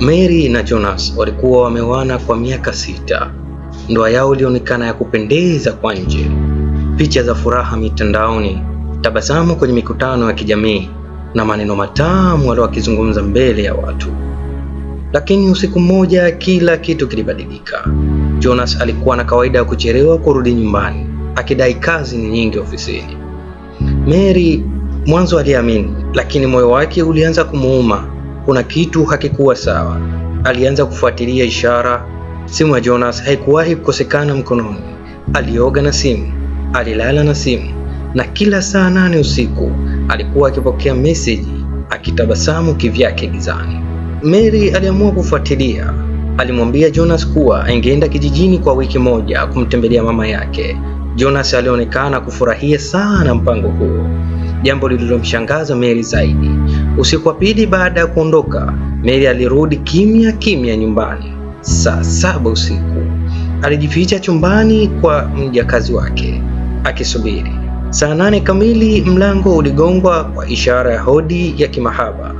Mary na Jonas walikuwa wameoana kwa miaka sita. Ndoa yao ilionekana ya kupendeza kwa nje, picha za furaha mitandaoni, tabasamu kwenye mikutano ya kijamii na maneno matamu aliowakizungumza mbele ya watu. Lakini usiku mmoja kila kitu kilibadilika. Jonas alikuwa na kawaida ya kuchelewa kurudi nyumbani, akidai kazi ni nyingi ofisini. Mary mwanzo aliamini, lakini moyo wake ulianza kumuuma kuna kitu hakikuwa sawa. Alianza kufuatilia ishara. Simu ya Jonas haikuwahi kukosekana mkononi. Alioga na simu, alilala na simu, na kila saa nane usiku alikuwa akipokea meseji, akitabasamu kivyake gizani. Mary aliamua kufuatilia. Alimwambia Jonas kuwa angeenda kijijini kwa wiki moja kumtembelea mama yake. Jonas alionekana kufurahia sana mpango huo, jambo lililomshangaza Mary zaidi. Usiku wa pili baada ya kuondoka, Mary alirudi kimya kimya nyumbani saa saba usiku. Alijificha chumbani kwa mjakazi wake akisubiri. Saa nane kamili mlango uligongwa kwa ishara ya hodi ya kimahaba.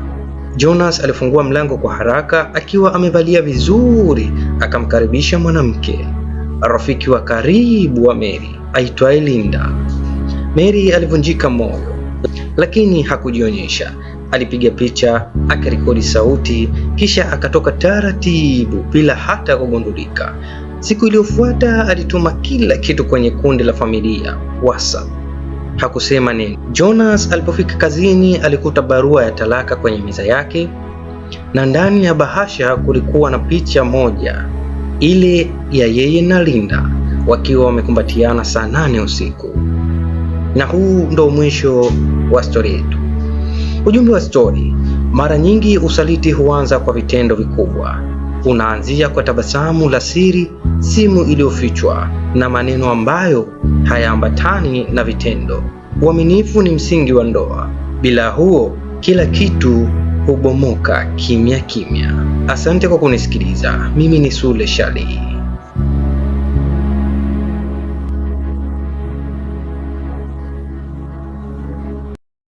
Jonas alifungua mlango kwa haraka akiwa amevalia vizuri, akamkaribisha mwanamke, rafiki wa karibu wa Mary aitwaye Linda. Mary alivunjika moyo lakini hakujionyesha. Alipiga picha, akarekodi sauti, kisha akatoka taratibu bila hata kugundulika. Siku iliyofuata alituma kila kitu kwenye kundi la familia WhatsApp. Hakusema nini Jonas alipofika kazini alikuta barua ya talaka kwenye meza yake, na ndani ya bahasha kulikuwa na picha moja, ile ya yeye na Linda wakiwa wamekumbatiana saa nane usiku na huu ndo mwisho wa stori yetu. Ujumbe wa stori: mara nyingi usaliti huanza kwa vitendo vikubwa. Unaanzia kwa tabasamu la siri, simu iliyofichwa, na maneno ambayo hayaambatani na vitendo. Uaminifu ni msingi wa ndoa. Bila huo, kila kitu hubomoka kimya kimya. Asante kwa kunisikiliza. Mimi ni Sule Shali.